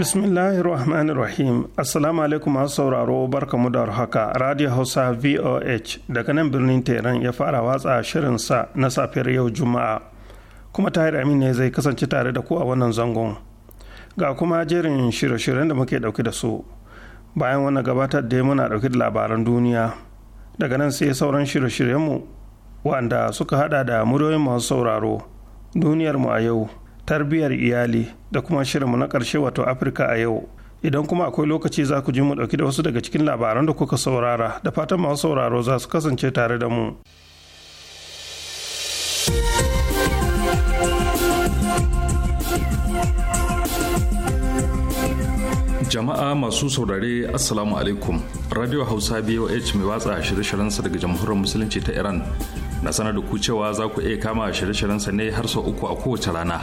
bismillahir rahmanir rahim assalamu alaikum masu sauraro barkamu da haka radio hausa voh daga nan birnin teran ya fara watsa shirinsa na safiyar yau juma'a kuma tahir amin ne zai kasance tare da ku a wannan zangon ga kuma jerin shirye-shiryen da muke dauki da su bayan wannan gabatar da muna dauki da labaran duniya daga nan sai sauran shirye-shiryenmu wanda suka hada da muryoyin masu sauraro duniyarmu a yau tarbiyyar iyali da kuma shirinmu na ƙarshe wato afirka a yau idan kuma akwai lokaci za ku ji mu ɗauki da wasu daga cikin labaran da kuka saurara da fatan masu sauraro za su kasance tare da mu jama'a masu saurare assalamu alaikum radio hausa boh mai watsa shirye-shiryensa daga jamhuriyar musulunci ta iran na sanar da ku cewa za ku iya kama shirye sa ne har sau uku a kowace rana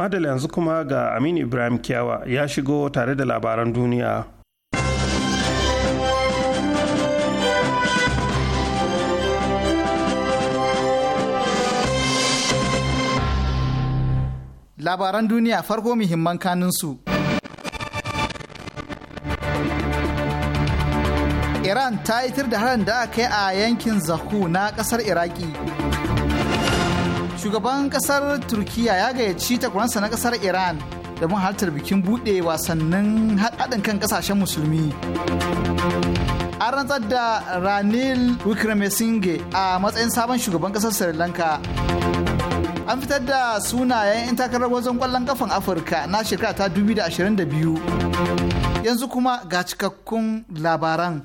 madala yanzu kuma ga aminu ibrahim kiyawa ya shigo tare da labaran duniya labaran duniya farko muhimman kaninsu iran ta itar da haran da aka yi a yankin zaku na kasar iraki shugaban kasar turkiya ya gayyaci takwaransa na kasar iran da halartar bikin buɗe wasannin haɗin kan kasashen musulmi an rantsar da ranil wickremesinghe a matsayin sabon shugaban kasar sri lanka an fitar da sunayen 'yan takarar wajen kwallon kafan afirka na shekara ta 2022 yanzu kuma ga cikakkun labaran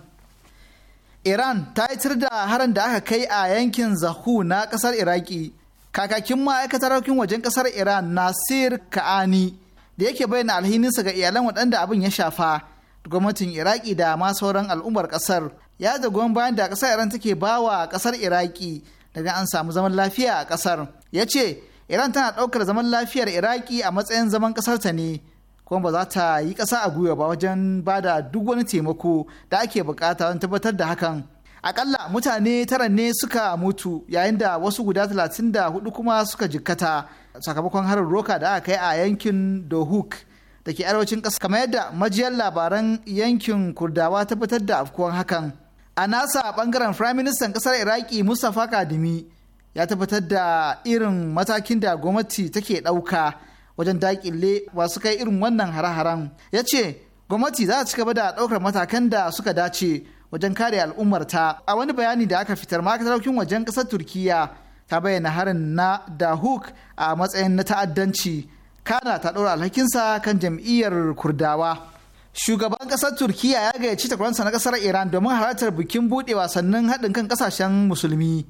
iran ta yitar da haran da aka kai a yankin zahu na kasar iraki kakakin ma'aikatar harkokin wajen kasar iran nasir ka'ani da yake bayyana alhininsa ga iyalan waɗanda abin ya shafa gwamnatin iraki da ma sauran al'ummar kasar ya da bayan da kasar iran take bawa kasar iraki daga an samu zaman lafiya a kasar ya ce iran tana ɗaukar zaman lafiyar iraki a matsayin zaman kasarta ne kuma ba za ta yi ƙasa a gwiwa ba wajen ba da duk wani taimako da ake bukata don tabbatar da hakan akalla mutane tara ne suka mutu yayin da wasu guda talatin da hudu kuma suka jikkata sakamakon harin roka da aka kai a yankin dohuk da ke arewacin ƙasa kamar yadda majiyar labaran yankin kurdawa ta fitar da afkuwan hakan a nasa bangaren firaministan ƙasar iraki mustapha kadimi ya tabbatar da irin matakin da gwamnati take ɗauka wajen daƙile masu kai irin wannan hare-haren ya ce gwamnati za ta ci gaba da ɗaukar matakan da suka dace wajen kare al'ummar ta a wani bayani da aka fitar ma'aikatar wajen ƙasar turkiya ta bayyana harin na dahuk a matsayin na ta'addanci kana ta ɗora alhakinsa kan jam'iyyar kurdawa shugaban ƙasar turkiya ya gayyaci takwaransa na ƙasar iran domin halartar bikin buɗe wasannin haɗin kan kasashen musulmi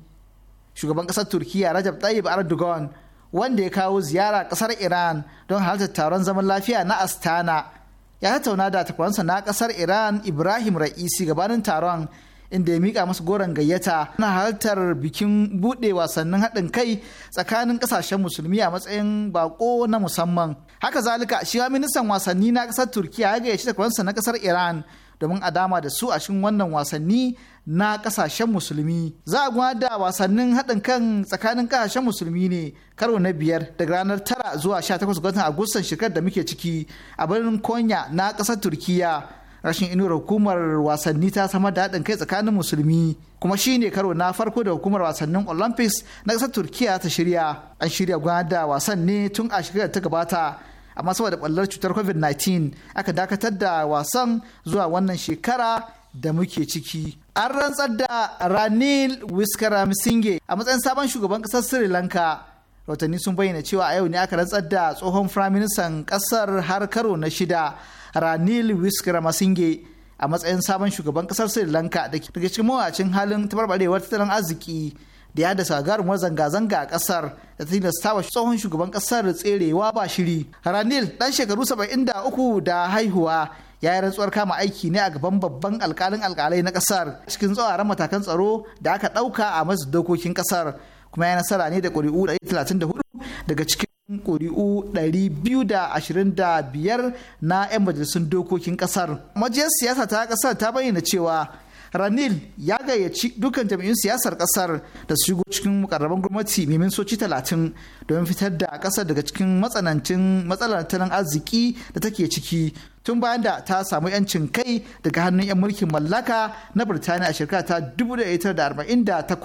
shugaban ƙasar turkiya rajab tayyip erdogan wanda ya kawo ziyara ƙasar iran don halartar taron zaman lafiya na astana ya tattauna da takwaransa na kasar iran ibrahim ra'isi gabanin taron inda ya mika masu goron gayyata na halartar bikin bude wasannin haɗin kai tsakanin ƙasashen musulmi a matsayin bako na musamman haka zalika shi ministan wasanni na kasar turkiya ya gayyaci takwaransa na kasar iran domin a dama da su a cikin wannan wasanni na kasashen musulmi za a gwada wasannin haɗin kan tsakanin kasashen musulmi ne karo na biyar daga ranar tara zuwa sha takwas ga agustan shekarar da muke ciki a birnin konya na ƙasar turkiya rashin inuwar hukumar wasanni ta samar da haɗin kai tsakanin musulmi kuma shi ne karo na farko da hukumar wasannin olympics na ƙasar turkiya ta shirya an shirya gwada wasan ne tun a shekarar ta gabata amma saboda ɓallar cutar covid-19 aka dakatar da wasan zuwa wannan shekara da muke ciki an rantsar da ranil wiskaramisinge a matsayin sabon shugaban kasar sri lanka rautanni sun bayyana cewa a yau ne aka rantsar da tsohon firaministan kasar har karo na shida ranil wiskaramisinge a matsayin sabon shugaban kasar sri lanka da ke cikin mawacin halin tabarbarewar tattalin arziki da ya haddasa gagarumar zanga-zanga a kasar da ta tilasta wa tsohon shugaban kasar tserewa ba shiri ranil dan shekaru 73 da haihuwa ya yi rantsuwar kama aiki ne a gaban babban alkalin alkalai na kasar cikin tsawaran matakan tsaro da aka ɗauka a masu dokokin kasar kuma ya nasara ne da ƙuri'u 134 daga cikin ƙuri'u 225 na 'yan majalisun dokokin kasar majiyar siyasa ta kasar ta bayyana cewa ranil ya gayyaci dukkan jami'in siyasar kasar da su shigo cikin mukarraban gwamnati mai soci talatin domin fitar da kasar daga cikin matsanancin matsalar tattalin arziki da take ciki tun bayan da ta samu yancin kai daga hannun 'yan mulkin mallaka na birtaniya a shekara ta 1948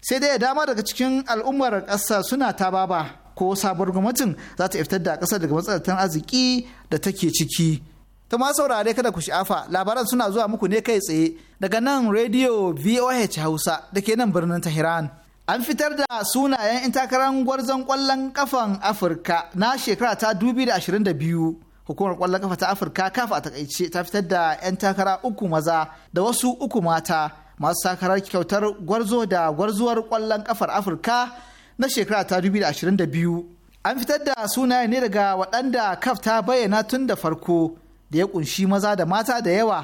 sai dai dama daga cikin al'ummar kasa suna ta baba ko sabuwar gwamnatin za ta fitar da kasar daga matsalar arziki da take ciki. To ma saurare kada ku sha'afa labaran suna zuwa muku ne kai tsaye daga nan rediyo VOH Hausa da ke nan birnin Tehran. An fitar da sunayen 'yan gwarzon kwallon kafan Afirka na shekara ta 2022. Hukumar kwallon kafa ta Afirka kafa a takaice ta fitar da 'yan takara uku maza da wasu uku mata masu takarar kyautar gwarzo da gwarzuwar kwallon kafar Afirka na shekara ta 2022. An fitar da sunaye ne daga waɗanda kaf ta bayyana tun da farko da ya kunshi maza da mata da yawa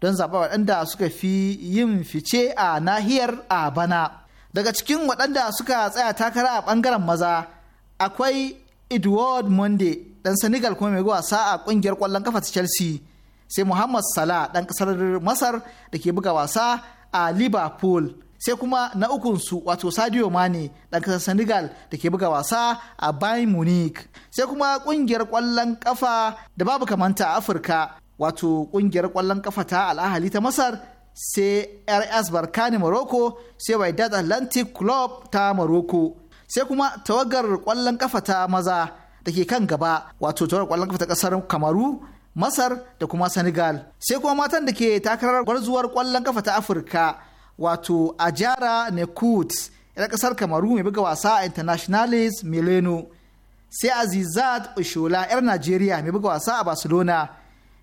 don zaɓa waɗanda suka fi yin fice a nahiyar a bana. Daga cikin waɗanda suka tsaya takara a ɓangaren maza akwai Edward Monde ɗan Senegal kuma mai wasa a ƙungiyar ƙwallon kafa ta Chelsea sai Muhammad Salah ɗan ƙasar Masar da ke buga wasa a Liverpool. sai kuma na ukunsu wato sadio mane ɗan kasar senegal da ke buga wasa a bayern munich sai kuma ƙungiyar kwallon kafa da babu kamanta a afirka wato ƙungiyar ƙwallon kafa ta al'ahali ta masar sai rs barkani morocco sai wydad atlantic club ta morocco sai kuma tawagar ƙwallon kafa ta maza da ke kan gaba wato tawagar ƙwallon kafa ta ƙasar kamaru masar da kuma senegal sai kuma matan da ke takarar gwarzuwar kwallon kafa ta afirka wato ajara nekut yar kasar kamaru mai buga wasa a internationalis mileno sai azizat oshola yar najeriya mai buga wasa a barcelona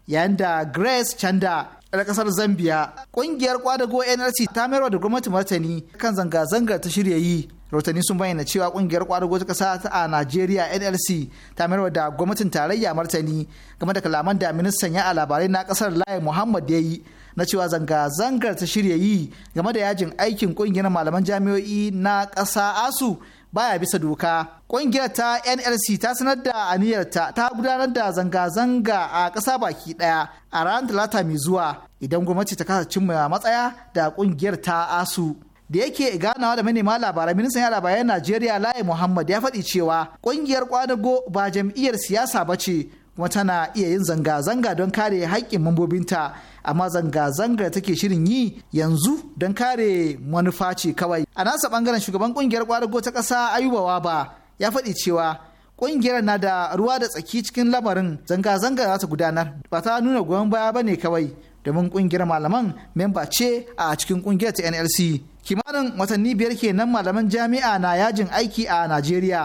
yayin da grace chanda yar kasar zambia kungiyar kwadago nrc ta mayarwa da gwamnati martani kan zanga-zangar ta shirya yi rahotanni sun bayyana cewa kungiyar kwadago ta kasa a najeriya nlc ta mayarwa da gwamnatin tarayya martani game da kalaman da ministan ya labarai na kasar layi muhammad ya yi na cewa zanga-zangar ta shirya yi game da yajin aikin kungiyar malaman jami'o'i na kasa asu baya bisa doka kungiyar ta nlc ta sanar da aniyarta ta gudanar da zanga-zanga a ƙasa baki ɗaya a ranar talata mai zuwa idan gwamnati ta kasa cimma matsaya da kungiyar ta asu da yake ganawa da manema labarai ministan yara bayan najeriya lai muhammad ya faɗi cewa ƙungiyar kwanago ba jam'iyyar siyasa ba ce kuma tana iya yin zanga-zanga don kare haƙƙin mambobinta amma zanga-zanga take shirin yi yanzu don kare manufa ce kawai a nasa bangaren shugaban ƙungiyar kwanago ta ƙasa ayubawa ba ya faɗi cewa ƙungiyar na da ruwa da tsaki cikin lamarin zanga-zanga za ta gudanar ba ta nuna goyon baya ba ne kawai domin kungiyar malaman memba ce a cikin kungiyar ta NLC. Kimanin watanni biyar kenan malaman jami'a na yajin aiki a Najeriya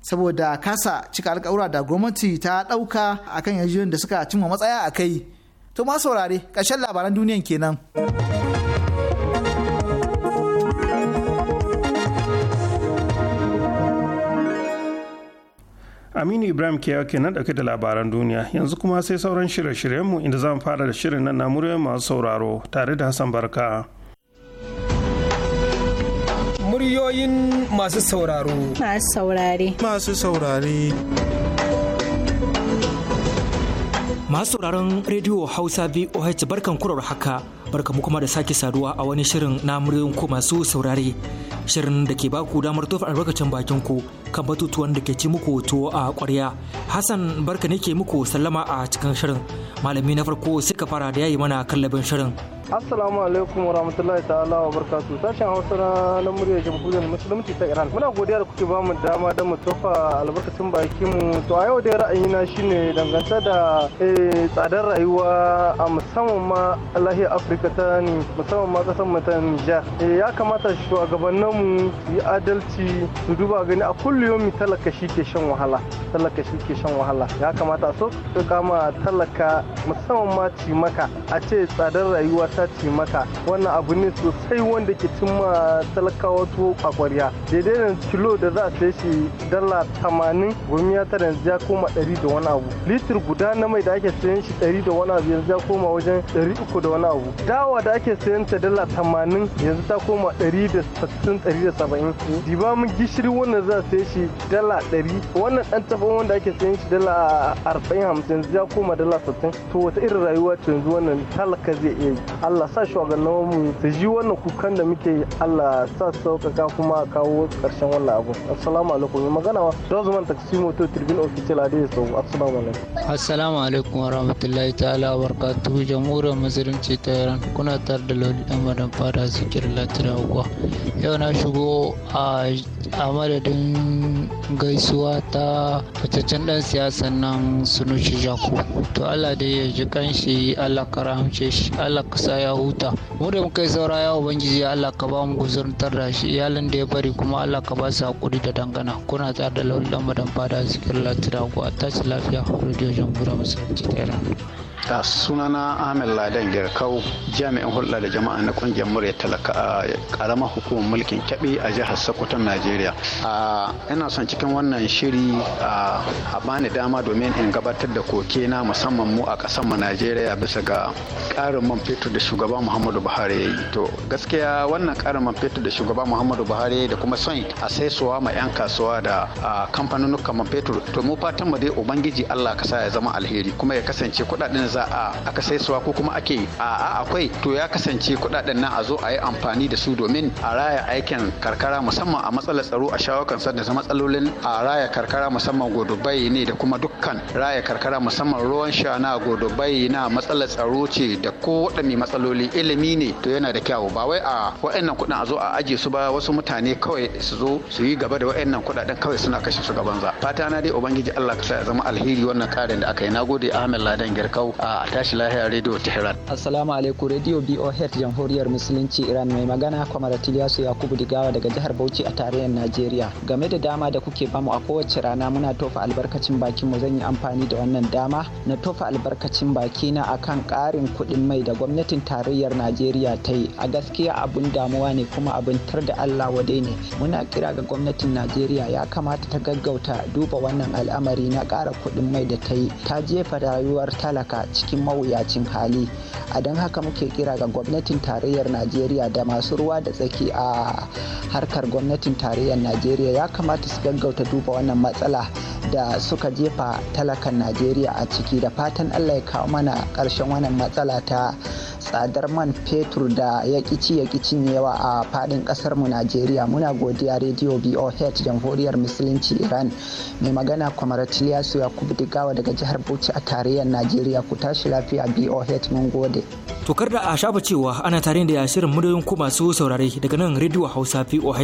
saboda kasa cika alkawura da gwamnati ta ɗauka akan yajin da suka cimma matsaya a kai. To ma saurare, ƙarshen labaran duniyan kenan. aminu ibrahim ke ke nan ɗauke da labaran duniya yanzu kuma sai sauran shirye-shiryenmu inda zamu fara da shirin nan na muryoyin masu sauraro tare da hassan barka muryoyin masu sauraro masu saurare masu saurare masu sauraron rediyo hausa voh barkan kurar haka barka mu kuma da sake saduwa a wani shirin na muryoyin ku masu saurare shirin da ke baku damar tofa albarkacin bakin ku kan batutuwan da ke ci muku tuwo a ƙwarya hassan barka ne ke muku sallama a cikin shirin malami na farko suka fara da yayi mana kallabin shirin Assalamu alaikum warahmatullahi ta'ala wa barkatu sashen Hausa na muryar jamhuriyar musulunci ta Iran. Muna godiya da kuke bamu dama da mu tofa albarkacin bakin mu. To a yau dai ra'ayina shine dangance da eh, tsadar rayuwa a musamman ma lahiyar Afirka afirka ne musamman ma kasan mu ta eh, ya kamata mu yi adalci su duba gani a mu talaka shi ke shan wahala talaka shi ke shan wahala ya kamata so su kama talaka musamman ma cimaka a ce tsadar rayuwa ta cimaka wannan abu ne sosai wanda ke cimma talakawa tuwo a kwarya daidai da kilo da za a sai shi dala tamanin gomiya tara ya koma ɗari da wani abu litir guda na mai da ake sayan shi ɗari da wani abu yanzu ya koma wajen ɗari uku da wani abu dawa da ake sayan ta dala tamanin yanzu ta koma ɗari da sassin ɗari da saba'in diba mun gishiri wannan za a saye shi dala ɗari wannan ɗan taɓa wanda ake sayan shi dala arba'in hamsin ya koma dala sassin to wata irin rayuwa ce yanzu wannan talaka zai iya yi allah sa mu su ji wannan kukan da muke allah sa sauƙaƙa kuma a kawo ƙarshen wannan abu assalamu alaikum magana wa dozman moto, turbin tribune official adiyar sau assalamu alaikum assalamu alaikum wa rahmatullahi ta'ala wa barakatuhu jamhuriyar musulunci ta iran kuna tar da lori dan madan fara zikir latina uwa yau na shigo a madadin gaisuwa ta fitaccen dan siyasan nan sunushi jaku to allah da ya ji kanshi allah ka rahamce shi allah ka sa ya huta mu da muka yi saura ya ubangiji allah ka ba mu guzurtar da shi iyalin da ya bari kuma allah ka ba su hakuri da dangana kuna tar da lori dan madan fara zikir latina uwa tashi lafiya radio jamhuriyar musulunci ta iran a sunana ahmed ladan girkau jami'in hulɗa da jama'a na kungiyar murya talaka a ƙaramar hukumar mulkin kyaɓe a jihar sokoto najeriya ina son cikin wannan shiri a bani dama domin in gabatar da koke na musamman mu a ƙasar mu najeriya bisa ga ƙarin man fetur da shugaba muhammadu buhari ya to gaskiya wannan ƙarin man fetur da shugaba muhammadu buhari da kuma son a saisuwa ma 'yan kasuwa da kamfanonin man fetur to mu fatan mu dai ubangiji allah ka sa ya zama alheri kuma ya kasance kuɗaɗen za a aka saisuwa ko kuma ake a akwai to ya kasance kudaden nan a zo a yi amfani da su domin a raya aikin karkara musamman a matsalar tsaro a shawo kansa da matsalolin a raya karkara musamman godobai ne da kuma dukkan raya karkara musamman ruwan sha na godobai na matsalar tsaro ce da ko mai matsaloli ilimi ne to yana da kyau ba wai a waɗannan kuɗin a zo a aje su ba wasu mutane kawai su zo su yi gaba da waɗannan kuɗaɗen kawai suna kashe su gaban za fata na dai ubangiji Allah ka sa ya zama alheri wannan karin da aka yi nagode Ahmed Ladan Girkau a tashi lahiyar radio tehran assalamu alaikum radio boh jamhuriyar musulunci iran mai magana kwamar tiliyasu yakubu digawa daga jihar bauchi a tarayyar najeriya game da dama da kuke bamu a kowace rana muna tofa albarkacin bakin mu zan yi amfani da wannan dama na tofa albarkacin baki na akan karin kuɗin mai da gwamnatin tarayyar najeriya ta yi a gaskiya abun damuwa ne kuma abin tar da allah wadai ne muna kira ga gwamnatin najeriya ya kamata ta gaggauta duba wannan al'amari na ƙara kuɗin mai da ta yi ta jefa rayuwar talaka cikin mawuyacin hali a don haka muke kira ga gwamnatin tarayyar najeriya da masu ruwa da tsaki a harkar gwamnatin tarayyar najeriya ya kamata su gaggauta duba wannan matsala da suka jefa talakan najeriya a ciki da fatan allah ya kawo mana karshen wannan matsala ta tsadar man fetur da ya kici ya ƙicin yawa a faɗin ƙasar mu najeriya muna godiya rediyo boh jamhuriyar musulunci iran mai magana ya kubu digawa daga jihar bauchi a tarayyar najeriya ku tashi lafiya boh mun gode tokar da a shafa cewa ana tare da shirin muryoyin ku masu saurare daga nan rediyo hausa boh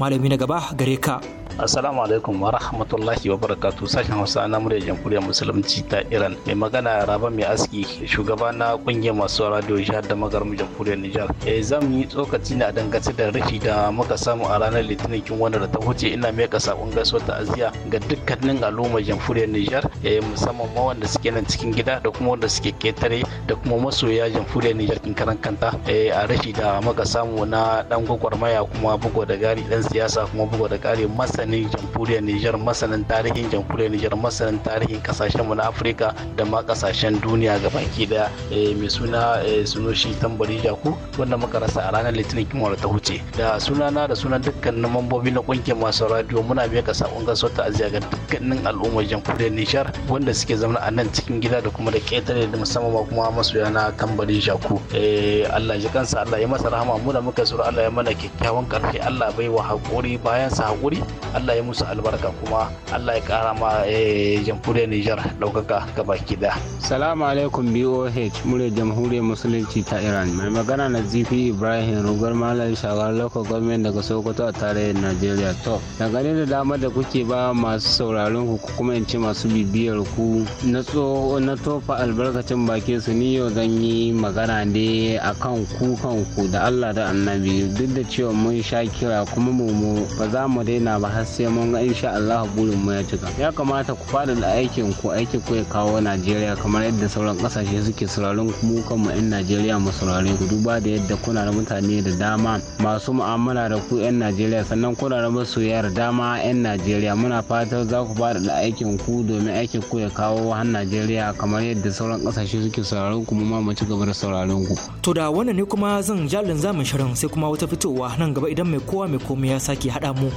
malami na gaba gare ka Assalamu alaikum wa rahmatullahi wa barakatu sashen Hausa na murya jamhuriyar musulunci ta Iran. Mai magana Raba mai aski shugaba na kungiyar masu radio jihar da magarmu jamhuriyar Nijar. Eh zan yi tsokaci ne a dangance da rashi da muka samu a ranar Litinin kin wanda da ta huce ina mai sakon gaisuwar ta'aziyya ga dukkanin al'umma jamhuriyar Nijar eh musamman ma wanda suke nan cikin gida da kuma wanda suke ketare da kuma masoya jamhuriyar Nijar kin karan kanta eh a rashi da muka samu na dan gwagwarmaya kuma bugo da gari dan siyasa kuma bugo da gari masa masanin jamhuriyar Nijar masanin tarihin jamhuriyar Nijar masanin tarihin kasashen mu na Afirka da ma kasashen duniya ga baki da eh, mai suna eh, Sunoshi Tambari Jaku wanda muka rasa a ranar Litinin Kimar ta huce da sunana da sunan dukkanin mambobi na kungiyar masu radio muna ka sakon gaso ta aziya ga dukkanin al'ummar jamhuriyar Nijar wanda suke zama a nan cikin gida da kuma da ƙetare da musamman kuma masu yana Tambari Jaku eh, Allah ji kansa Allah ya masa rahama mu da muka sura Allah ya mana kyakkyawan karfi Allah bai wa haƙuri bayan sa haƙuri Allah ya musu albarka kuma Allah ya kara ma eh, jamhuriyar Nijar daukaka baki daya salamu alaikum BOH mure jamhuriyar musulunci ta Iran mai magana na ZP Ibrahim rugar malam shagar local government daga Sokoto a tarayyar Najeriya to dangane da damar da kuke ba masu sauraron ku kuma in ci masu bibiyar ku na tofa albarkacin bakin su ni yau zan yi magana ne akan kukan ku da Allah da Annabi duk da cewa mun sha kira kuma mu ba za mu daina ba har sai mun ga insha Allah burin mu ya cika ya kamata ku fada da aikin ku aikin ku ya kawo Najeriya kamar yadda sauran kasashe suke sauraron mu kanmu 'yan Najeriya mu saurare ku duba da yadda kuna da mutane da dama masu mu'amala da ku 'yan Najeriya sannan kuna da masoyar yar dama 'yan Najeriya muna fatar za ku fada da aikin ku domin aikin ku ya kawo har Najeriya kamar yadda sauran kasashe suke sauraron ku mu ma mu ci gaba da sauraron ku to da wannan ne kuma zan jalin zamu shirin sai kuma wata fitowa nan gaba idan mai kowa mai komai ya sake haɗa mu.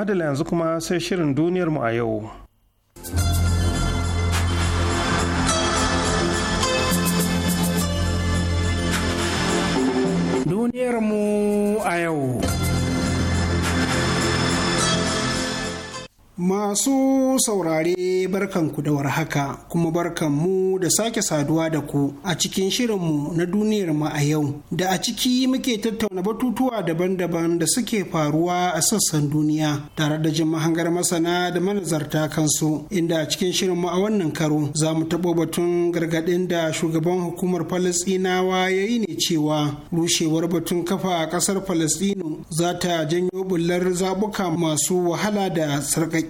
madala yanzu kuma sai shirin duniyarmu a yau. duniyar mu a yau. Masu saurare barkanku da warhaka kuma barkanmu da sake saduwa da ku a cikin shirinmu na duniyar ma a yau da a ciki muke tattauna batutuwa daban-daban da suke faruwa a sassan duniya tare da jin mahangar masana da manazarta kansu inda a cikin shirinmu a wannan karo za mu taɓo batun gargaɗin da shugaban hukumar Falasɗinawa ya yi ne cewa rushewar batun kafa a ƙasar Falasɗinu za ta janyo bullar zaɓuka masu wahala da sarƙaƙi.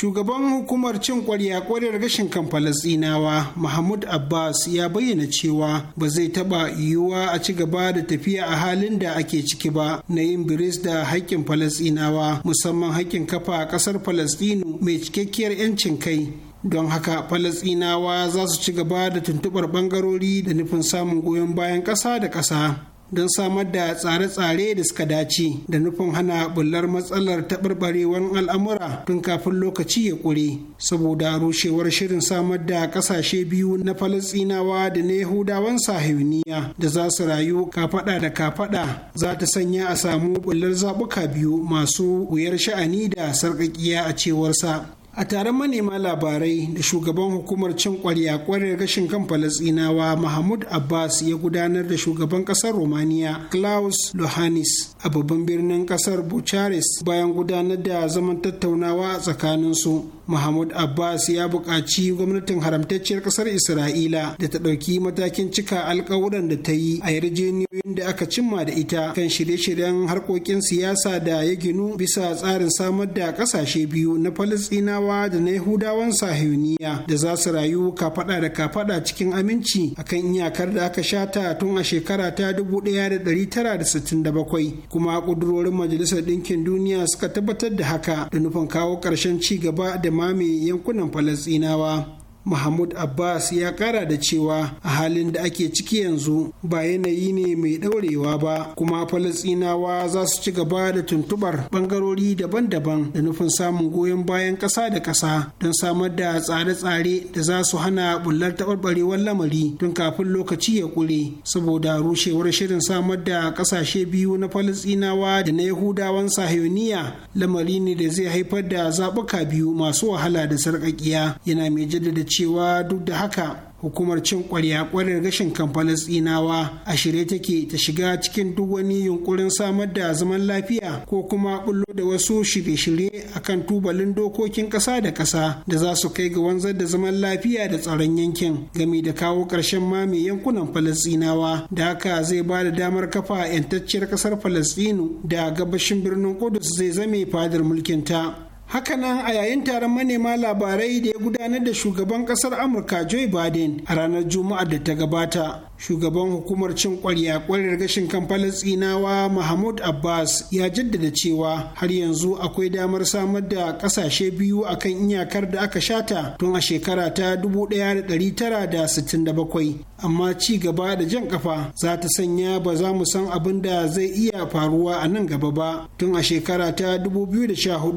shugaban hukumar cin kwarya kwarar gashin kan falasinawa mahmud abbas ya bayyana cewa ba zai taba yiwuwa a ci gaba da tafiya a halin da ake ciki ba na yin biris da haƙƙin falasinawa musamman haƙƙin kafa a ƙasar falasɗinu mai cikakkiyar 'yancin kai don haka falasinawa za su ci gaba da tuntuɓar ɓangarori da nufin samun goyon bayan ƙasa da ƙasa don samar da tsare-tsare da suka dace da nufin hana bullar matsalar taɓarɓarewar al'amura tun kafin lokaci ya ƙure saboda rushewar shirin samar da ƙasashe biyu na falasɗinawa da na yahudawan sahiyuniya da za su rayu kafaɗa da kafaɗa za ta sanya a samu bullar zaɓuka biyu masu wuyar sha'ani da sarƙaƙiya a cewarsa a taron manema labarai da shugaban hukumar cin kwarya kwarar rashin kan falasinawa mahmud abbas ya gudanar da shugaban kasar romania klaus lohanis a babban birnin kasar bucharest bayan gudanar da zaman tattaunawa a tsakaninsu mahmud abbas ya buƙaci gwamnatin haramtacciyar ƙasar isra'ila da ta ɗauki matakin cika alƙawuran da ta yi a yarjejeniyoyin da aka cimma da ita kan shirye-shiryen harkokin siyasa da ya ginu bisa tsarin samar da ƙasashe biyu na falastinawa da na yahudawan Sahuniya da za su rayu kafaɗa da kafaɗa cikin aminci akan iyakar da aka shata tun a shekara ta 1967 kuma ƙudurorin majalisar ɗinkin duniya suka tabbatar da haka da nufin kawo ƙarshen ci gaba da mame yankunan falasinawa mahmud abbas ya kara da cewa a halin da ake ciki yanzu ba yanayi ne mai ɗaurewa ba kuma falasinawa za su ci gaba da tuntubar ɓangarori daban-daban da nufin samun goyon bayan ƙasa da ƙasa don samar da tsare-tsare da za su hana bullar taɓarɓarewar lamari tun kafin lokaci ya ƙure saboda rushewar shirin samar da ƙasashe biyu na falasinawa da na yahudawan sahiyoniya lamari ne da zai haifar da zaɓuka biyu masu wahala da sarƙaƙiya yana mai jaddada cewa cewa duk da haka hukumar cin kwarya rashin gashin kan falasɗinawa a shirye take ta shiga cikin duk wani yunkurin samar da zaman lafiya ko kuma bullo da wasu shirye-shirye akan tubalin dokokin ƙasa da ƙasa da za su kai ga wanzar da zaman lafiya da tsaron yankin game da kawo ƙarshen mame yankunan falasɗinawa da haka zai ba da damar kafa 'yantacciyar ƙasar falasɗinu da gabashin birnin kudus zai zame fadar mulkinta Hakanan a yayin taron manema labarai da ya gudanar da shugaban kasar Amurka Joe Biden a ranar Juma'ar da ta gabata. Shugaban hukumar cin kwarya kwarar gashin kan falasinawa Mahmud Abbas ya jaddada cewa har yanzu akwai damar samar da kasashe biyu akan iyakar da aka shata tun a shekara ta 1967 amma ci gaba da jan kafa za ta sanya ba za mu san abin da zai iya faruwa a nan gaba ba tun a shekara ta 2014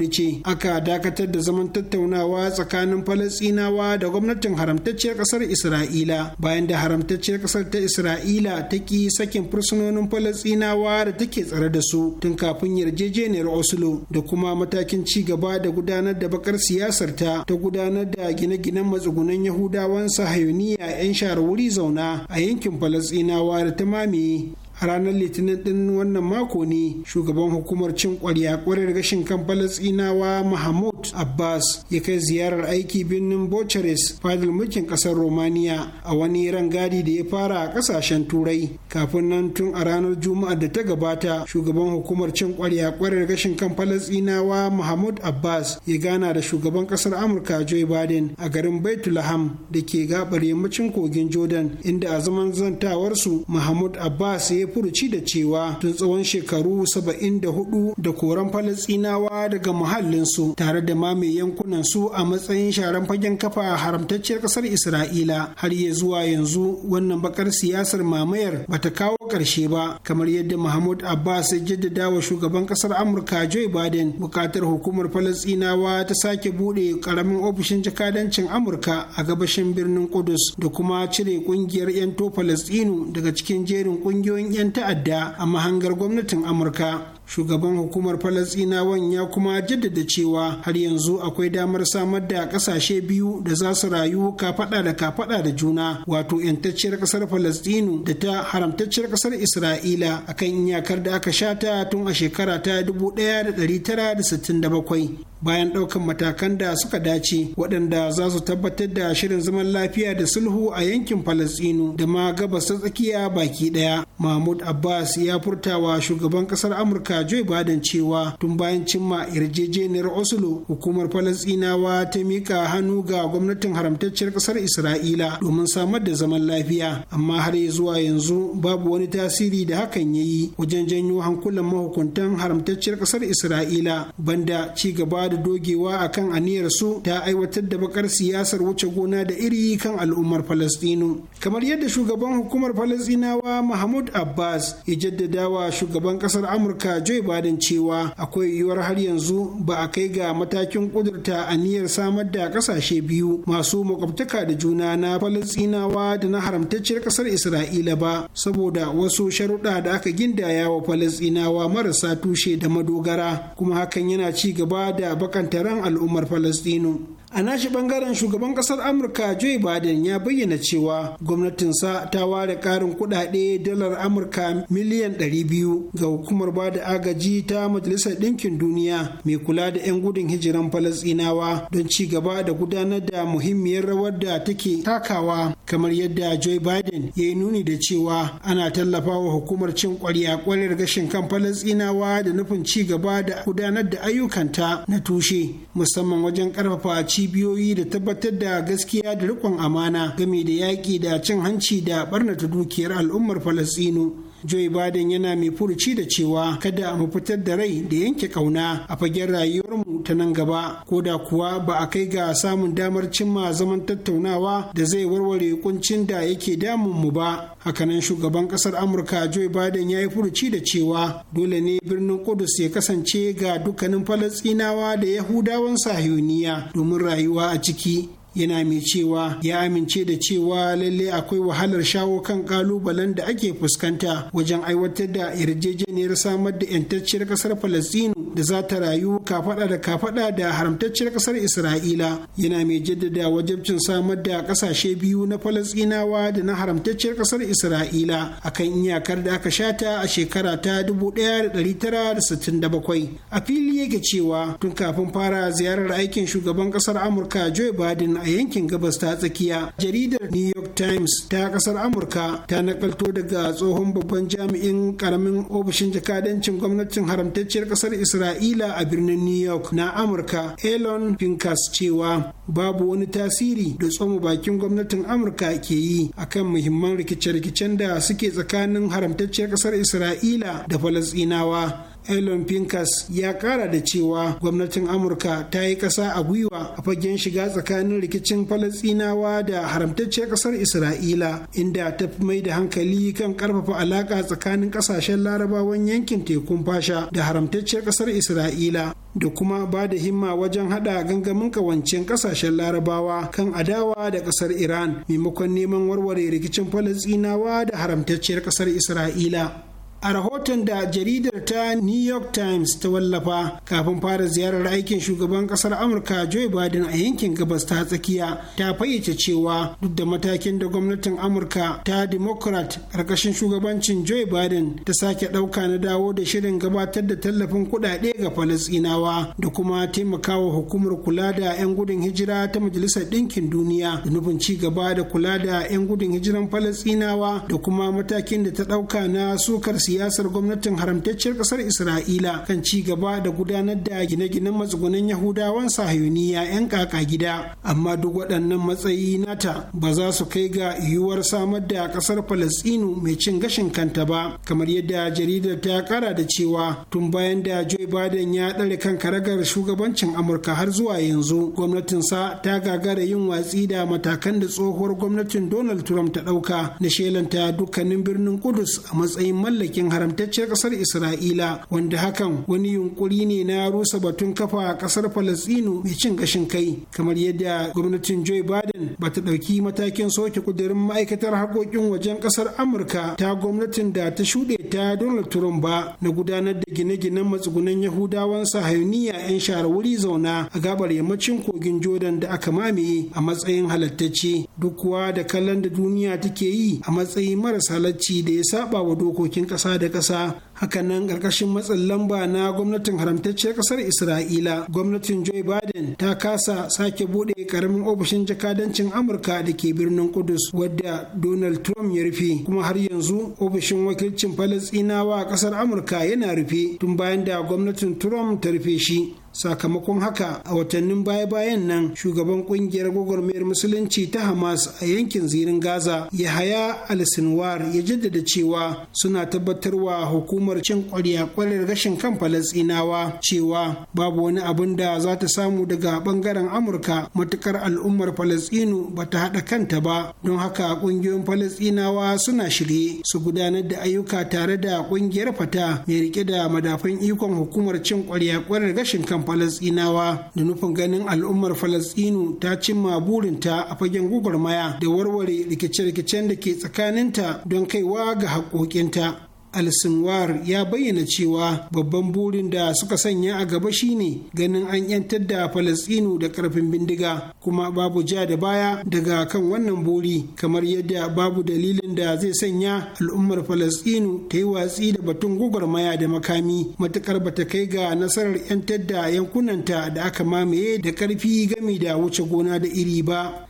ce aka dakatar da zaman tattaunawa tsakanin falasinawa da gwamnatin haramtacciyar kasar isra'ila bayan da haramtacciyar kasar ta isra'ila ta ki sakin fursunonin falasinawa da take tsare da su tun kafin yarjejeniyar oslo da kuma matakin ci gaba da gudanar da bakar siyasar ta ta gudanar da gine-ginen matsugunan yahudawan sahayuniya 'yan shara wuri zaune mazauna a yankin falasinawa da ta mamaye a ranar litinin din wannan mako ne shugaban hukumar cin kwarya kwarar gashin kan falasinawa mahmud abbas ya kai ziyarar aiki birnin bucharest fadil mulkin kasar romania a wani rangadi da ya fara a kasashen turai kafin nan tun a ranar juma'a da ta gabata shugaban hukumar cin kwarya kwarar gashin kan falasinawa mahmud abbas ya gana da shugaban kasar amurka joe biden a garin baitulaham da ke gabar yammacin kogin jordan inda a zaman zantawarsu mahmud abbas ya furuci da cewa tun tsawon shekaru saba'in da hudu da koran Falasɗinawa daga muhallinsu tare da mame yankunan su a matsayin sharan fagen kafa haramtacciyar ƙasar Isra'ila har ya zuwa yanzu wannan bakar siyasar mamayar bata kawo ƙarshe ba kamar yadda Mahmud Abbas ya jaddada wa shugaban ƙasar Amurka Joe Biden buƙatar hukumar Falasɗinawa ta sake bude karamin ofishin jakadancin Amurka a gabashin birnin Kudus da kuma cire ƙungiyar 'yan Falasɗinu daga cikin jerin ƙungiyoyin 'yan ta'adda a mahangar gwamnatin amurka shugaban hukumar falasinawan ya kuma jaddada cewa har yanzu akwai damar samar da kasashe biyu da za su rayu kafaɗa da kafaɗa da juna wato yantacciyar kasar falasdinu da ta haramtacciyar kasar isra'ila akan iyakar da aka shata tun a shekara ta 1967 bayan ɗaukan matakan da suka dace waɗanda za su tabbatar da shirin zaman lafiya da sulhu a yankin falasɗinu da ma gabas ta tsakiya baki ɗaya mahmud abbas ya furta wa shugaban ƙasar amurka joe biden cewa tun bayan cimma yarjejeniyar oslo hukumar falasɗinawa ta miƙa hannu ga gwamnatin haramtacciyar ƙasar isra'ila domin samar da zaman lafiya amma har zuwa yanzu babu wani tasiri da hakan ya yi wajen janyo hankulan mahukuntan haramtacciyar ƙasar isra'ila banda ci gaba da dogewa akan aniyar su ta aiwatar da bakar siyasar wuce gona da iri kan al'ummar Falastinu. Kamar yadda shugaban hukumar Falastinawa Mahmud Abbas ya jaddada wa shugaban kasar Amurka Joe Biden cewa akwai yiwuwar har yanzu ba a kai ga matakin kudurta aniyar samar da kasashe biyu masu makwabtaka da juna na Falastinawa da na haramtacciyar kasar Isra'ila ba saboda wasu sharuɗa da aka gindaya wa Falastinawa marasa tushe da madogara kuma hakan yana ci gaba da bakanta ran al'ummar falastinu A nashi bangaren shugaban kasar Amurka Joe Biden ya bayyana cewa gwamnatinsa ta ware karin kudade dalar Amurka miliyan 200 ga hukumar ba da agaji ta Majalisar Ɗinkin Duniya mai kula da 'yan gudun hijiran Falasɗinawa don ci gaba da gudanar da muhimmiyar rawar da take takawa kamar yadda Joe Biden ya yi nuni da cewa ana tallafawa hukumar cin kwarya kwarar gashin kan Falasɗinawa da nufin ci gaba da gudanar da ayyukanta na tushe musamman wajen karfafa ci cibiyoyi da tabbatar da gaskiya da riƙon amana game da yaƙi da cin hanci da ɓarnata dukiyar al'ummar falasɗinu joe biden yana mai furuci da cewa kada mu fitar da rai da yanke kauna a fagen rayuwarmu ta nan gaba ko da kuwa ba a kai ga samun damar cimma zaman tattaunawa da zai warware kuncin da yake damun mu ba hakanan shugaban kasar amurka joe biden ya yi furuci da cewa dole ne birnin kudus ya kasance ga dukkanin falastinawa da yahudawan sahiyoniya domin rayuwa a ciki yana mai cewa ya amince da cewa lalle akwai wahalar shawo kan kalubalen da ake fuskanta wajen aiwatar da yarjejeniyar samar da yantacciyar kasar falastinu da za ta rayu kafada da kafada da haramtacciyar kasar isra'ila yana mai jaddada wajabcin samar da kasashe biyu na falastinawa da na haramtacciyar kasar isra'ila akan iyakar da aka shata a shekara ta da da bakwai. a fili yake cewa tun kafin fara ziyarar aikin shugaban kasar amurka joe biden a yankin gabas ta tsakiya jaridar new york times ta kasar amurka ta nakalto daga tsohon babban jami'in karamin ofishin jakadancin gwamnatin haramtacciyar kasar isra'ila a birnin new york na amurka elon pinkas cewa babu wani tasiri da tsoma bakin gwamnatin amurka ke yi akan muhimman rikice-rikicen da suke tsakanin haramtacciyar kasar isra'ila da falasɗinawa elon pincus ya kara da cewa gwamnatin amurka ta yi ƙasa a gwiwa a fagen shiga tsakanin rikicin falasinawa da haramtacciyar ƙasar isra'ila inda ta fi mai da hankali kan ƙarfafa alaƙa tsakanin ƙasashen larabawan yankin tekun fasha da haramtacciyar ƙasar isra'ila da kuma ba da himma wajen hada gangamin kawancin kasashen larabawa kan adawa da kasar iran maimakon neman warware rikicin falasinawa da haramtacciyar kasar isra'ila a rahoton da jaridar ta new york times ta wallafa kafin fara ziyarar aikin shugaban kasar amurka joe biden a yankin gabas ta tsakiya ta fayyace cewa duk da matakin da gwamnatin amurka ta democrat karkashin shugabancin joe biden ta sake dauka na dawo da shirin gabatar da tallafin kudade ga falasɗinawa da kuma taimakawa hukumar kula da 'yan gudun hijira ta majalisar ɗinkin duniya da nufin ci gaba da kula da 'yan gudun hijiran falastinawa da kuma matakin da ta dauka na sukar siyasar gwamnatin haramtacciyar kasar isra'ila kan ci gaba da gudanar da gine-ginen matsugunan yahudawan sahuniya 'yan kaka gida amma duk waɗannan matsayi nata ba za su kai ga yiwuwar samar da kasar falastinu mai cin gashin kanta ba kamar yadda jaridar ta kara da cewa tun bayan da joe biden ya ɗare kan karagar shugabancin amurka har zuwa yanzu gwamnatinsa ta gagara yin watsi da matakan da tsohuwar gwamnatin donald trump ta ɗauka na shelanta dukkanin birnin kudus a matsayin mallakin yakin haramtacciyar kasar isra'ila wanda hakan wani yunkuri ne na rusa batun kafa kasar falastinu mai cin gashin kai kamar yadda gwamnatin joe biden ba ta ɗauki matakin soke kudirin ma'aikatar harkokin wajen kasar amurka ta gwamnatin da ta shuɗe ta donald trump ba na gudanar da gine-ginen matsugunan yahudawan sahayuniya 'yan shara wuri zauna a gabar yammacin kogin jordan da aka mamaye a matsayin halattacce duk kuwa da kallon da duniya take yi a matsayin marasa halacci da ya saba wa dokokin ƙasa da ƙasa nan ƙarƙashin matsin lamba na gwamnatin haramtacciyar ƙasar isra'ila gwamnatin joe biden ta kasa sake buɗe ƙaramin ofishin jakadancin amurka da ke birnin kudus wadda donald trump ya rufe kuma har yanzu ofishin wakilcin falasɗinawa a ƙasar amurka yana rufe tun bayan da gwamnatin trump ta rufe shi sakamakon haka a watannin baya-bayan nan shugaban kungiyar gwagwarmayar musulunci ta hamas a yankin zirin gaza yahaya haya sinwar ya jaddada cewa suna tabbatarwa hukumar cin ƙwarya kwarar rashin kan falastinawa cewa babu wani abin da za ta samu daga bangaren amurka matukar al'ummar falastinu ba ta haɗa kanta ba don haka kungiyoyin falastinawa suna shirye su gudanar da ayyuka tare da ƙungiyar fata mai rike da madafan ikon hukumar cin kwarya kwarar gashin kan falasinawa da nufin ganin al'ummar falasɗinu ta cimma burinta a fagen gugurmaya da warware rikice-rikicen da ke tsakaninta don kaiwa ga haƙoƙinta alsinwar ya bayyana cewa babban burin da suka sanya a gaba shine ganin an yantar da falastinu da karfin bindiga kuma babu ja da baya daga kan wannan buri kamar yadda babu dalilin da zai sanya al'ummar falastinu ta yi watsi da batun gwagwarmaya da makami matukar bata kai ga nasarar yantar da yankunanta da aka mamaye da karfi gami da wuce gona da iri ba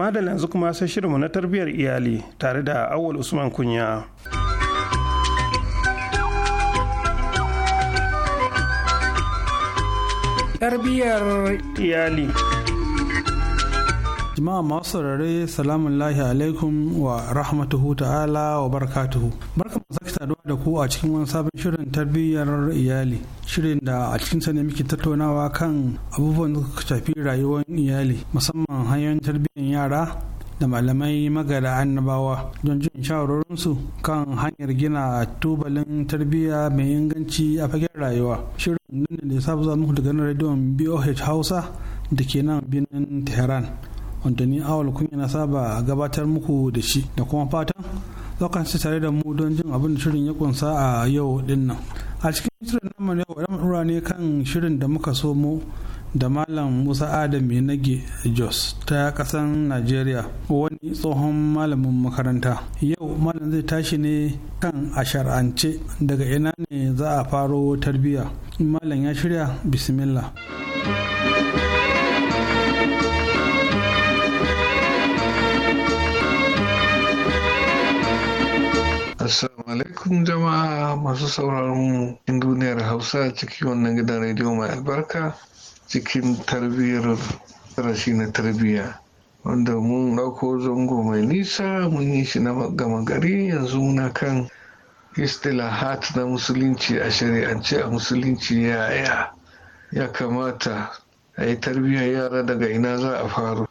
madalla yanzu kuma sai shirinmu na tarbiyyar iyali tare da awal usman kunya tarbiyyar iyali jama'a masu saurare salamun lahi alaikum wa rahmatuhu ta'ala wa barakatuhu barkamu saduwa da ku a cikin wani sabon shirin tarbiyyar iyali shirin da a cikin ne muke tattaunawa kan abubuwan da suka shafi rayuwar iyali musamman hanyoyin tarbiyyar yara da malamai magada annabawa don jin shawarorinsu kan hanyar gina tubalin tarbiyya mai inganci a fagen rayuwa shirin nan da ya sabu za muku daga rediyon boh hausa da ke nan birnin tehran wanda ni awal kun yana saba gabatar muku da shi da kuma fatan su tare da mu don jin abin da shirin ya kunsa a yau din nan a cikin shirin mana yau da ɗora ne kan shirin da muka so mu da malam musa adam nage jos ta kasan najeriya wani tsohon malamin makaranta yau malam zai tashi ne kan a shar'ance daga ina ne za a faro tarbiyya malam ya shirya bismillah Assalamu alaikum jama'a masu sauraron in duniyar Hausa cikin wannan gidan rediyo mai albarka cikin tarbiyyar rashi na tarbiyya. Wanda mun ɗauko zango mai nisa mun yi shi na gama gari yanzu muna kan istilahat na musulunci a shari'ance a musulunci yaya ya kamata a yi tarbiyyar yara daga ina za a faru.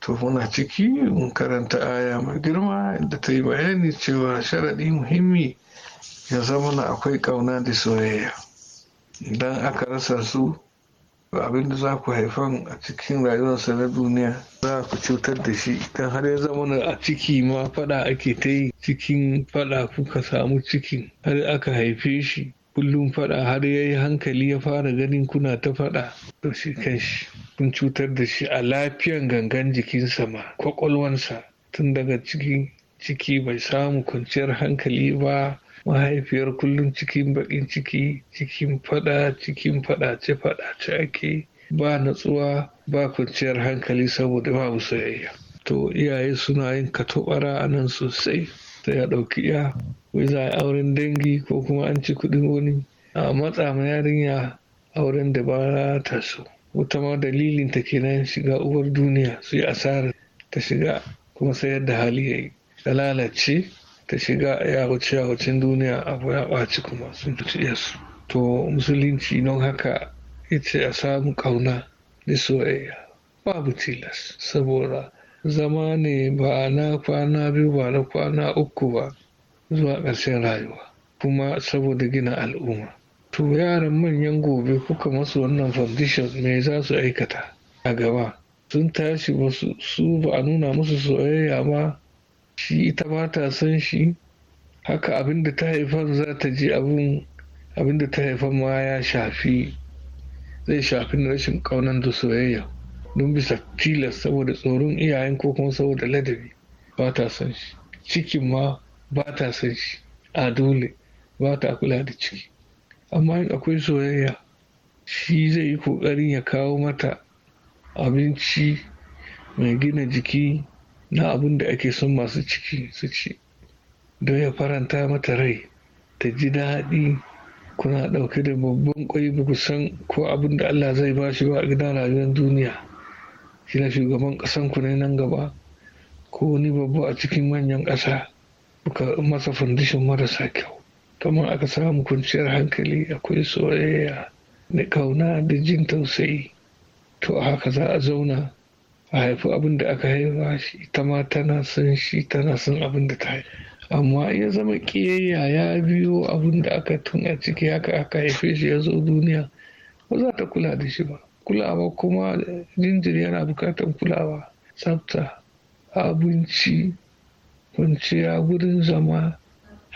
to muna ciki mun karanta aya mai girma da ta yi bayani cewa sharaɗi muhimmi ya zama na akwai ƙauna da soyayya idan aka rasa su abin da za ku haifan a cikin rayuwarsa na duniya za ku cutar da shi idan har ya zama na a ciki ma fada ake ta yi cikin fada kuka samu cikin har aka haife shi kullum fada har ya yi hankali ya fara ganin kuna ta fada to shi kan shi sun cutar da shi a lafiyan gangan jikinsa ma kwakwalwansa tun daga cikin ciki bai samu kwanciyar hankali ba mahaifiyar kullum cikin bakin ciki cikin fada cikin fadace fadace ake ba natsuwa ba kwanciyar hankali saboda babu soyayya to iyaye suna yin katobara a nan sosai sai ya ɗauki iya wai za a auren dangi ko kuma an ci kuɗin wani a matsa ma yarinya auren da ba ta so wata ma dalilin ta kenan shiga uwar duniya su yi asara ta shiga kuma sayar da hali ya yi lalace ta shiga ya yawace yawacen duniya abu ya ɓaci kuma sun fi su to musulunci don haka ya a samu ƙauna da soyayya babu tilas saboda zama ne ba na kwana biyu ba na kwana uku ba zuwa ƙarshen rayuwa kuma saboda gina al'umma To yaran manyan gobe kuka masu wannan foundation me za su aikata a gaba? Sun tashi wasu su ba a nuna musu soyayya ba, shi ita ba ta son shi, haka abinda ta haifan za ta ji abin abinda ta haifan ma ya shafi zai shafi na rashin ƙaunar da soyayya don bisa tilas saboda tsoron iyayen ko kuma saboda ladabi ba ta son shi cikin ma ba ta son shi a dole ba ta kula da ciki amma in akwai soyayya shi zai yi ƙoƙarin ya kawo mata abinci mai gina jiki na abin da ake son masu ciki su ci don ya faranta mata rai ta ji daɗi kuna ɗauke da babban ƙwai ba san ko abin da Allah zai ba shi ba a gidan rayuwar duniya shi na shugaban ƙasan ku ne nan gaba ko wani babba a cikin manyan ƙasa ku karɓi masa fundishin marasa kyau kamar aka samu kwanciyar hankali akwai soyayya da kauna da jin tausayi to haka za a zauna a haifi abin da aka haifa shi ta ma tana son shi tana son abin da ta haifa amma ya zama kiyayya ya biyo abin da aka tun a ciki haka aka haife shi ya zo duniya ba za ta kula da shi ba kulawa kuma jinjir yana bukatar kulawa tsafta abinci kwanciya wurin zama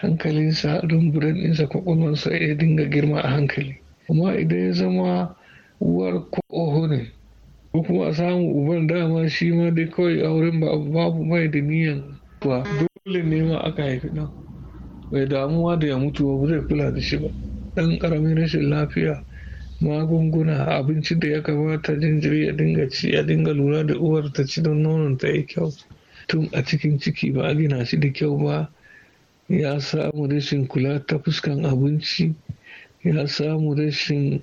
hankalinsa rumburan ɗinsa kwakwalwansa ya dinga girma a hankali amma idan ya zama uwar ko ne ko kuma a samu uban dama shi ma dai kawai auren ba babu mai da niyan ba dole ne ma aka haifi ɗan bai damuwa da ya mutu ba zai kula da shi ba ɗan ƙaramin rashin lafiya magunguna abinci da ya kamata jinjiri ya dinga ci ya dinga lura da uwar ta ci don nonon ta yi kyau tun a cikin ciki ba a gina shi da kyau ba ya samu rashin kula ta fuskan abinci ya samu rashin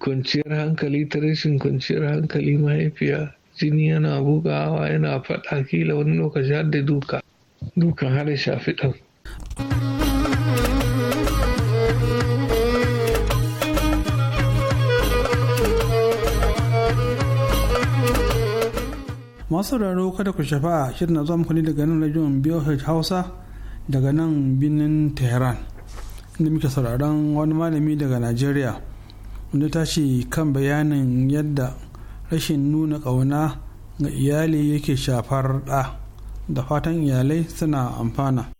kwanciyar hankali ta rashin kwanciyar hankali mahaifiya jini yana bugawa yana faɗa kila wani lokaci har da duka dukan har shafi ɗan. masu raro kada ku shafa shirin na zuwa muku daga nan rajin BOH Hausa daga nan birnin tehran inda muke sauraron wani malami daga najeriya wanda ta ce kan bayanin yadda rashin nuna ƙauna ga iyali yake shafar ɗa da fatan iyalai suna amfana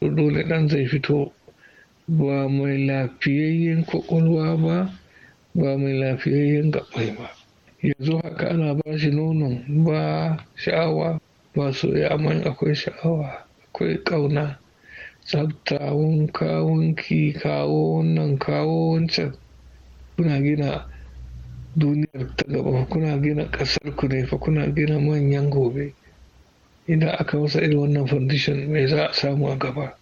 dole ɗan zai fito ba mai lafiyayyen kwakwalwa ba ba mai lafiyayyen gabai ba yanzu haka ana ba shi nonon ba sha'awa ba soyayya amma akwai sha'awa akwai ƙauna tsabta wanka wanki kawo wannan kawo wancan kuna gina duniyar ta gaba kuna gina ƙasar ku ne fa kuna gina manyan gobe idan aka masa irin wannan foundation mai za a samu a gaba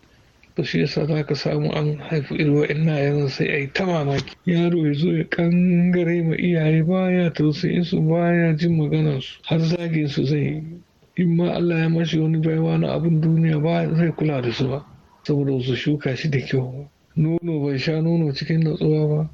to shi yasa za ka samu an haifi irwa ina yanzu sai a yi ta mamaki yaro ya zo ya kangare ma iyaye baya tausayin su baya jin maganarsu har zagin su zai yi in ma Allah ya mashi wani baiwa na abin duniya ba zai kula da su ba saboda su shuka shi da kyau nono bai sha nono cikin natsuwa ba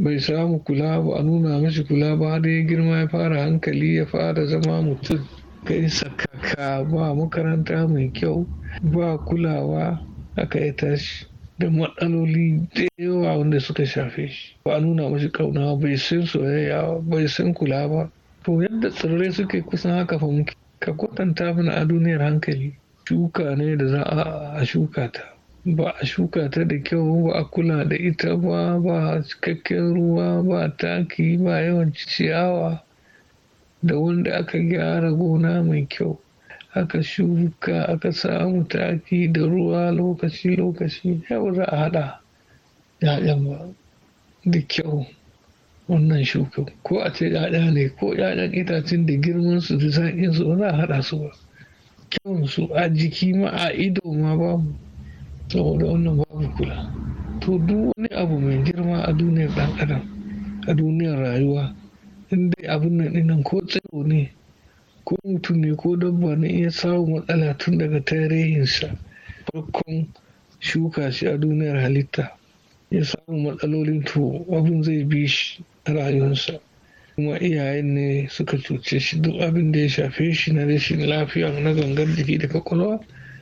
bai samu kula ba a nuna mashi kula ba har ya girma ya fara hankali ya fara zama mutum kai sakaka ba makaranta mai kyau ba kulawa aka yi tashi da matsaloli da yawa wanda suka shafe shi ba a nuna mashi kauna bai san soyayya bai san kula ba to yadda tsirrai suke kusan haka fa muke ka kwatanta mana a duniyar hankali shuka ne da za a shuka ta ba a shuka ta da kyau ba a kula da ita ba ba cikakken ruwa ba taki ba yawan ciyawa da wanda aka gyara gona mai kyau aka shuka aka samu taki da ruwa lokaci-lokaci yau za a haɗa ya'yan ba da kyau wannan shukan ko a ce ‘ya'ya ne ko ‘ya'yan itacen da girman su da zaƙin su ba za a haɗa su ba kyan su a jiki ma a ido ma babu saboda wannan babu kula to duk wani abu mai girma a duniyar ɗan adam a duniyar rayuwa in dai abin nan ɗinan ko tsaro ne ko mutum ne ko dabba ne iya samun matsala tun daga tarihinsa farkon shuka shi a duniyar halitta ya samu matsalolin to abin zai bi shi rayuwarsa kuma iyayen ne suka cuce shi duk abin da ya shafe shi na rashin lafiya na gangar jiki da kwakwalwa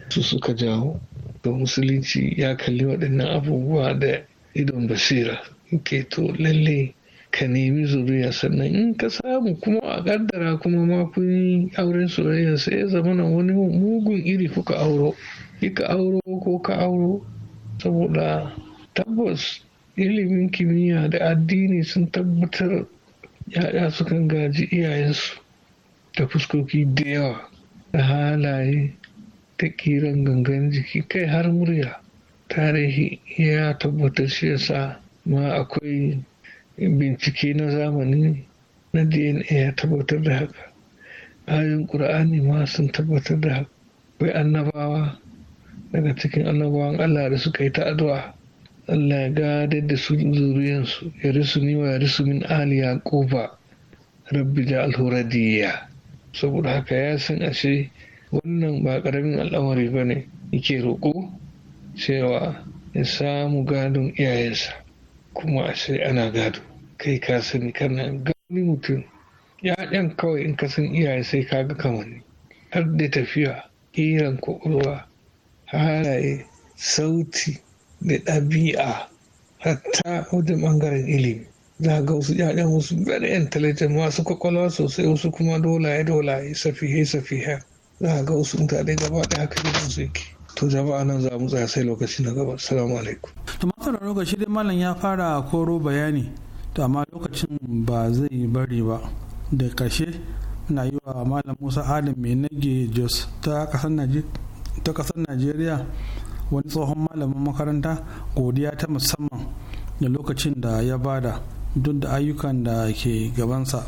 su suka jawo ga musulunci ya kalli waɗannan abubuwa da idon basira ke to lalle ka nemi zuriya sannan in ka samu kuma a kaddara kuma ma kun yi auren soyayya sai ya zama na wani mugun iri kuka auro ka auro ko ka auro saboda tabbas ilimin kimiyya da addini sun tabbatar yaya kan gaji iyayensu da fuskoki da yawa da halaye da kiran gangan jiki kai har murya tarihi ya tabbatar shi yasa ma akwai bincike na zamani na dna ya tabbatar da haka ayin ƙur'ani ma sun tabbatar da haka bai annabawa daga cikin annabawan allah da suka yi ta addu'a Allah ya gadar da su zuriyansu ya risu ni wa ya risu min ali yaquba rabbi da Alhuradiyya. saboda haka ya san ashe wannan ba ƙaramin al'amari ba ne yake roƙo cewa ya samu gadon iyayensa kuma ashe ana gado kai ka sani kana gani mutum ya'yan kawai in ka san iyaye sai ka ga kamanni har da tafiya iran kwakwalwa halaye sauti da ɗabi'a hatta wajen ɓangaren ilimi za ga wasu ƴaƴan wasu very intelligent masu kwakwalwa sosai wasu kuma dolaye dolaye safihe safihe za ga wasu mutane gaba ɗaya haka ilimin su yake to jama'a nan za mu tsaya sai lokaci na gaba assalamu alaikum to sanar lokaci dai malam ya fara koro bayani to amma lokacin ba zai bari ba da ƙarshe na yi wa malam musa adam mai nage jos ta kasar najeriya wani tsohon malamin makaranta godiya ta musamman da lokacin da ya bada duk da ayyukan da ke gabansa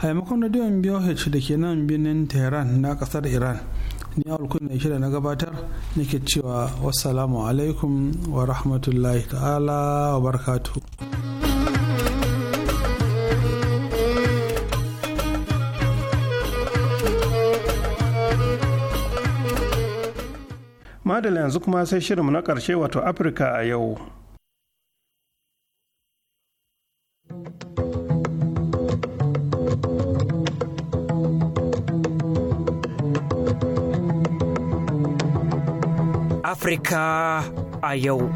a maimakon radiyon boh da ke nan birnin tehran na kasar iran ni alkun da shida na gabatar nake cewa wassalamu alaikum wa rahmatullahi ta'ala wa barkatu. madala yanzu kuma sai shirinmu na ƙarshe wato afirka a yau Afirka a yau.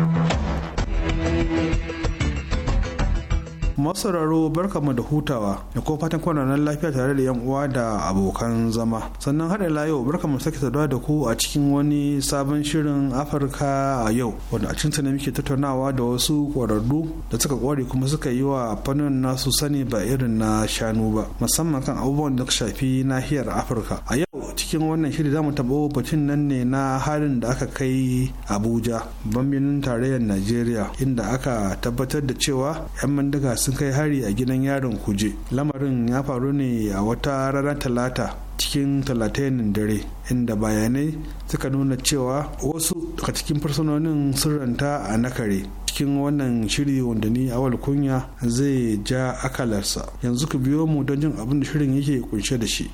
masauraro barkamu da hutawa da kuma fatan kwanan lafiya tare da yan uwa da abokan zama sannan haɗa layo barkamu sake saduwa da ku a cikin wani sabon shirin afirka a yau wanda a cikin ne muke tattaunawa da wasu kwararru da suka kware kuma suka yi wa fannin nasu sani ba irin na shanu ba musamman kan abubuwan da shafi nahiyar afirka a yau cikin wannan shirin zamu tabo taɓo batun nan ne na harin da aka kai abuja bambinin tarayyar najeriya inda aka tabbatar da cewa 'yan bindiga sun sun kai hari a gidan yarin kuje lamarin ya faru ne a wata ranar talata cikin talatainin dare inda bayanai suka nuna cewa wasu daga cikin fursunonin sun ranta a nakare cikin wannan shiri wanda ni awal kunya zai ja akalarsa yanzu ku biyo mu don jin abin da shirin yake kunshe da shi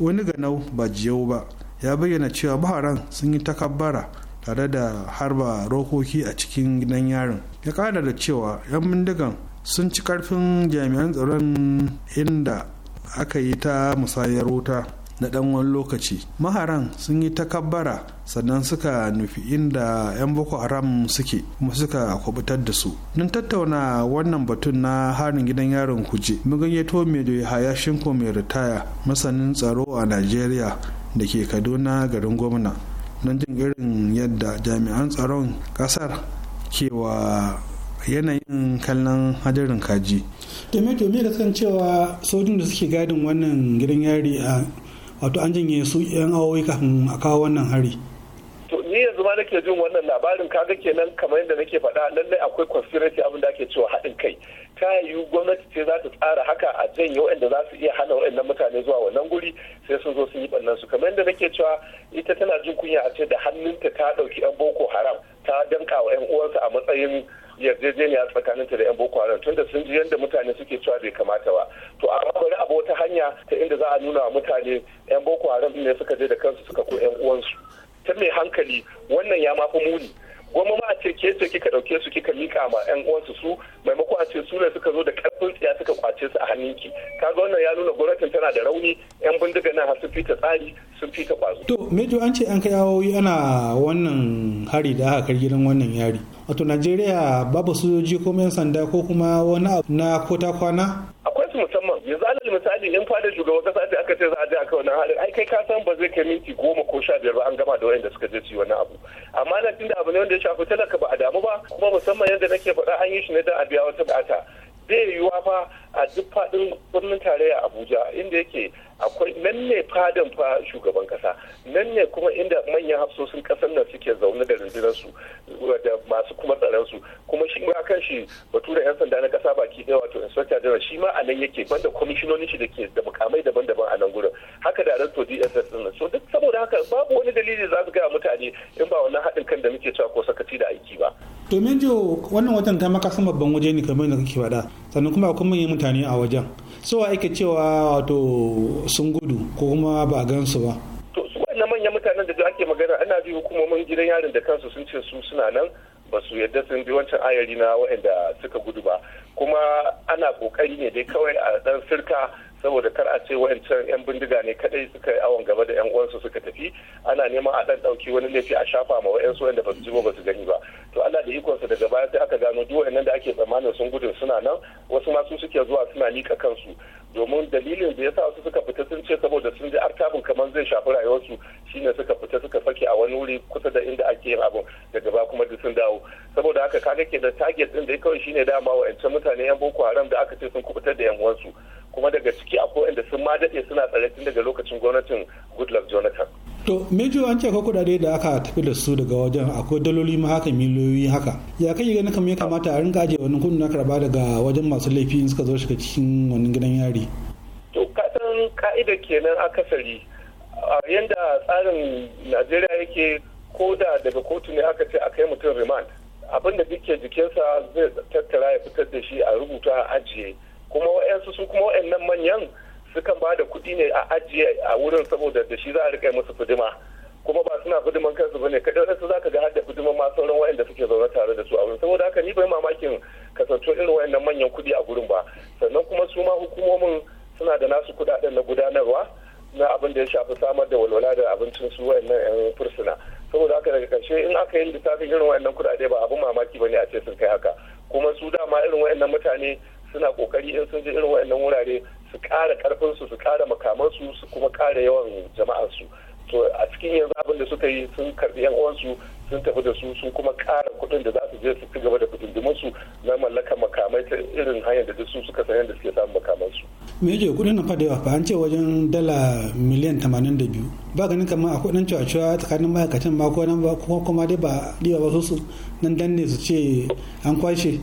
wani ganau ba jiyau ba ya bayyana cewa maharan sun yi takabbara tare da harba rokoki a cikin gidan yarin ya kada da cewa 'yan bindigan sun ci karfin jami'an tsaron inda aka yi ta musayar wuta na dan wani lokaci maharan sun yi takabbara sannan suka nufi inda 'yan boko haram suke kuma suka kwabutar da su don tattauna wannan batun na harin gidan yarin kuje mun gayyato mai da hayashin ko mai ritaya masanin tsaro a najeriya da ke kaduna garin gwamna don jin irin yadda jami'an tsaron kasar kewa yanayin kallon hadarin kaji domin domin da san cewa sojin da suke gadin wannan gidan yari a wato an janye su yan awowi kafin a kawo wannan hari ni yanzu ma nake jin wannan labarin kaga kenan kamar yadda nake faɗa lallai akwai conspiracy abin da ake cewa haɗin kai ta yiwu gwamnati ce za ta tsara haka a janye waɗanda za su iya hana waɗannan mutane zuwa wannan guri sai sun zo sun yi ɓannan su kamar yadda nake cewa ita tana jin kunya a ce da hannunta ta ɗauki 'yan boko haram ta danka wa 'yan uwansa a matsayin yarjejeniya tsakaninta da 'yan boko haram tunda sun ji yadda mutane suke cewa bai kamata ba to amma bari abu wata hanya ta inda za a nuna wa mutane 'yan boko haram ne suka je da kansu suka ko 'yan uwansu ta mai hankali wannan ya mafi muni goma ma a ce ke ce kika dauke su kika mika ma yan uwansu su maimako a ce su ne suka zo da karfin tsiya suka kwace su a hannun ki kaga wannan ya nuna gwamnatin tana da rauni yan bindiga na sun fita tsari sun fita kwazo to mejo an ce an kai awoyi ana wannan hari da aka kai gidan wannan yari wato najeriya babu sojoji ko yan sanda ko kuma wani abu na kota kwana gwamnati musamman yanzu alal misali in fadar shugaban kasa ce aka ce za a je a kai wannan halin ai kai ka san ba zai kai minti goma ko sha biyar ba an gama da wayanda suka je su yi wannan abu amma na tunda abu ne wanda ya shafi talaka ba a damu ba kuma musamman yadda nake faɗa an yi shi ne don a biya wata bukata zai yiwuwa ma a duk faɗin birnin tarayya abuja inda yake akwai nan ne fadin fa shugaban kasa nan ne kuma inda manyan hafsoshin kasar nan suke zaune da rundunarsu da masu kuma tsaronsu kuma shi ma kan shi bature yan sanda na kasa baki ɗaya wato inspector general shi ma a nan yake banda kwamishinonin shi da ke da mukamai daban-daban a nan gurin haka da ranto dss din so duk saboda haka babu wani dalili za su gaya mutane in ba wannan haɗin kan da muke cewa ko sakaci da aiki ba domin jo wannan watan ta maka sama babban waje ne kamar da kake faɗa sannan kuma akwai manyan mutane a wajen so ake cewa wato sun gudu ko kuma ba gan su ba to su na manyan mutanen da ake magana ana bi hukumomin gidan yarin da kansu sun ce su suna nan ba su yadda sun bi wancan ayari na waɗanda suka gudu ba kuma ana kokari ne dai kawai a dan sirka saboda kar a ce wa'ancan 'yan bindiga ne kadai suka yi awon gaba da 'yan uwansu suka tafi ana neman a dan dauki wani laifi a shafa ma wa'ansu wanda ba su ji ba su gani ba to Allah da ikonsa daga baya sai aka gano duk wa'annan da ake tsammanin sun gudun suna nan wasu ma su suke zuwa suna lika kansu domin dalilin da yasa wasu suka fita sun ce saboda sun ji artabin kamar zai shafi rayuwarsu shine suka fita suka sake a wani wuri kusa da inda ake yin abin daga ba kuma duk sun dawo saboda haka kaga ke da target din da kawai shine dama wa'ancan mutane yan boko haram da aka ce sun kubutar da yan uwansu kuma daga ciki akwai inda sun ma daɗe suna tsare tun daga lokacin gwamnatin goodluck jonathan to mejo an ce akwai kuɗaɗe da aka tafi da su daga wajen akwai daloli ma haka miliyoyi haka ya kai ganin kamar ya kamata a rinka ajiye wani kunna na karba daga wajen masu laifi in suka zo shiga cikin wani gidan yari to kasan ka'ida kenan akasari yanda tsarin najeriya yake ko da daga kotu ne aka ce a kai mutum remand abin da duke jikinsa zai tattara ya fitar da shi a rubuta ajiye kuma wa'yansu su kuma wa'yannan manyan sukan ba da kuɗi ne a ajiye a wurin saboda da shi za a rika musu fidima kuma ba suna fidiman kansu bane kadai su za ka ga har da fidiman ma sauran wa'yanda suke zaune tare da su a wurin saboda haka ni bai mamakin kasance irin wa'yannan manyan kuɗi a gurin ba sannan kuma su ma hukumomin suna da nasu kuɗaɗen na gudanarwa na abin da ya shafi samar da walwala da abincin su wa'yannan 'yan fursuna saboda haka daga karshe in aka yi lissafin irin wa'annan kuɗaɗe ba abin mamaki bane a ce sun kai haka kuma su dama irin wa'annan mutane suna kokari in sun je irin waɗannan wurare su kara ƙarfinsu su kara makamansu su kuma ƙara yawan jama'arsu to a cikin yanzu abin da suka yi sun karbi yan uwansu sun tafi da su sun kuma kara kuɗin da za su je su ci gaba da kudin su na mallaka makamai ta irin hanyar da su suka san yadda suke samun makamansu. me yake kuɗin na fadewa fa an ce wajen dala miliyan tamanin da biyu ba ganin kamar akwai dan cewa tsakanin ma'aikatan ma ko kuma dai ba ɗiba ba su nan danne su ce an kwashe.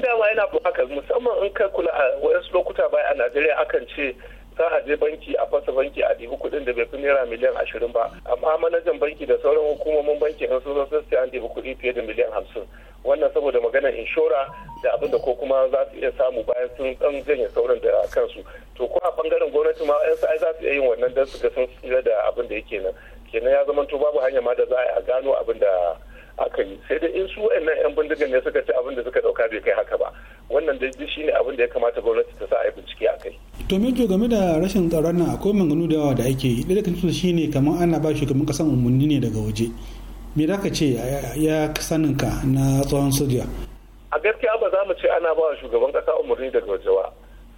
da dama yana buƙatar musamman in ka kula a wasu lokuta baya a najeriya akan ce za a je banki a fasa banki a ɗibi kuɗin da bai fi naira miliyan ashirin ba amma manajan banki da sauran hukumomin banki in sun zo sun an ɗibi kuɗi fiye da miliyan hamsin wannan saboda maganar inshora da abin da ko kuma za su iya samu bayan sun ɗan janye sauran da kansu to ko a bangaren gwamnati ma yan ai za su iya yin wannan don su ga sun tsira da abin da yake nan kenan ya zama to babu hanya ma da za a gano abin da akan yi sai da in su wa'annan 'yan bindigan ne suka ci abin da suka dauka bai kai haka ba wannan da shi ne abin da ya kamata gwamnati ta sa a yi bincike a kai. to mike game da rashin tsaron nan akwai maganganu da yawa da ake yi ɗaya da cikin shine kamar ana ba shugaban kasan umarni ne daga waje me za ka ce ya ka na tsohon soja. a gaskiya ba za mu ce ana ba shugaban kasa umarni daga waje ba